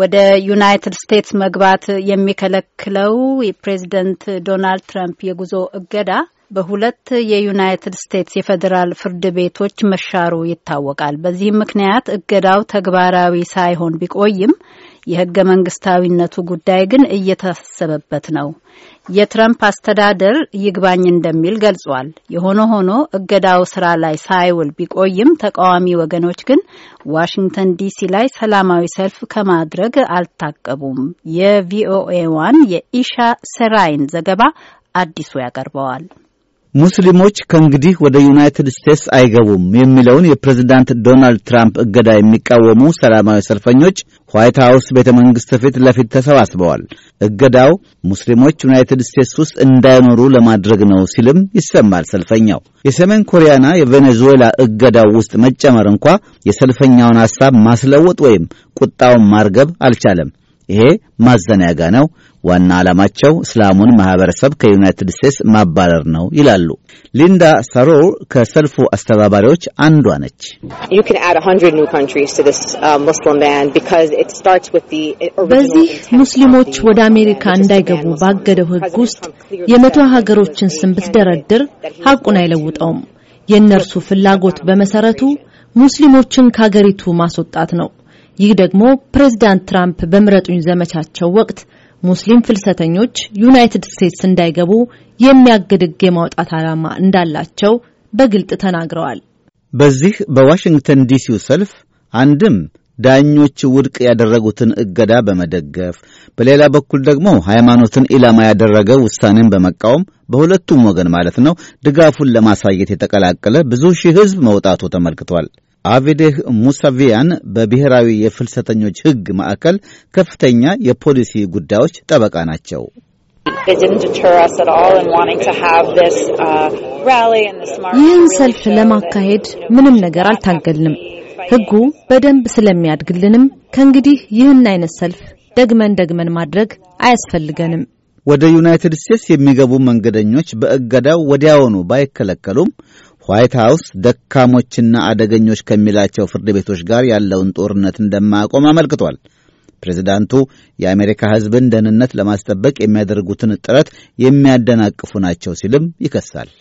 ወደ ዩናይትድ ስቴትስ መግባት የሚከለክለው የፕሬዚደንት ዶናልድ ትራምፕ የጉዞ እገዳ በሁለት የዩናይትድ ስቴትስ የፌዴራል ፍርድ ቤቶች መሻሩ ይታወቃል። በዚህም ምክንያት እገዳው ተግባራዊ ሳይሆን ቢቆይም የህገ መንግስታዊነቱ ጉዳይ ግን እየታሰበበት ነው። የትረምፕ አስተዳደር ይግባኝ እንደሚል ገልጿል። የሆነ ሆኖ እገዳው ስራ ላይ ሳይውል ቢቆይም ተቃዋሚ ወገኖች ግን ዋሽንግተን ዲሲ ላይ ሰላማዊ ሰልፍ ከማድረግ አልታቀቡም። የቪኦኤ ዋን የኢሻ ሰራይን ዘገባ አዲሱ ያቀርበዋል። ሙስሊሞች ከእንግዲህ ወደ ዩናይትድ ስቴትስ አይገቡም የሚለውን የፕሬዝዳንት ዶናልድ ትራምፕ እገዳ የሚቃወሙ ሰላማዊ ሰልፈኞች ዋይት ሀውስ ቤተ መንግሥት ፊት ለፊት ተሰባስበዋል። እገዳው ሙስሊሞች ዩናይትድ ስቴትስ ውስጥ እንዳይኖሩ ለማድረግ ነው ሲልም ይሰማል። ሰልፈኛው የሰሜን ኮሪያና የቬኔዙዌላ እገዳው ውስጥ መጨመር እንኳ የሰልፈኛውን ሐሳብ ማስለወጥ ወይም ቁጣውን ማርገብ አልቻለም። ይሄ ማዘናጋ ነው። ዋና ዓላማቸው እስላሙን ማህበረሰብ ከዩናይትድ ስቴትስ ማባረር ነው ይላሉ። ሊንዳ ሰሮ ከሰልፉ አስተባባሪዎች አንዷ ነች። uh, በዚህ ሙስሊሞች ወደ አሜሪካ እንዳይገቡ ባገደው ሕግ ውስጥ የመቶ ሀገሮችን ስም ብትደረድር ሐቁን አይለውጠውም። የእነርሱ ፍላጎት በመሰረቱ ሙስሊሞችን ከሀገሪቱ ማስወጣት ነው። ይህ ደግሞ ፕሬዚዳንት ትራምፕ በምረጡኝ ዘመቻቸው ወቅት ሙስሊም ፍልሰተኞች ዩናይትድ ስቴትስ እንዳይገቡ የሚያግድ ሕግ የማውጣት ዓላማ እንዳላቸው በግልጥ ተናግረዋል። በዚህ በዋሽንግተን ዲሲው ሰልፍ አንድም ዳኞች ውድቅ ያደረጉትን እገዳ በመደገፍ በሌላ በኩል ደግሞ ሃይማኖትን ኢላማ ያደረገ ውሳኔን በመቃወም በሁለቱም ወገን ማለት ነው ድጋፉን ለማሳየት የተቀላቀለ ብዙ ሺህ ሕዝብ መውጣቱ ተመልክቷል። አቪዴህ ሙሳቪያን በብሔራዊ የፍልሰተኞች ሕግ ማዕከል ከፍተኛ የፖሊሲ ጉዳዮች ጠበቃ ናቸው። uh, ይህን ሰልፍ ለማካሄድ ምንም ነገር አልታገልንም። ሕጉ በደንብ ስለሚያድግልንም ከእንግዲህ ይህን አይነት ሰልፍ ደግመን ደግመን ማድረግ አያስፈልገንም። ወደ ዩናይትድ ስቴትስ የሚገቡ መንገደኞች በእገዳው ወዲያውኑ ባይከለከሉም ዋይት ሀውስ ደካሞችና አደገኞች ከሚላቸው ፍርድ ቤቶች ጋር ያለውን ጦርነት እንደማያቆም አመልክቷል። ፕሬዚዳንቱ የአሜሪካ ሕዝብን ደህንነት ለማስጠበቅ የሚያደርጉትን ጥረት የሚያደናቅፉ ናቸው ሲልም ይከሳል።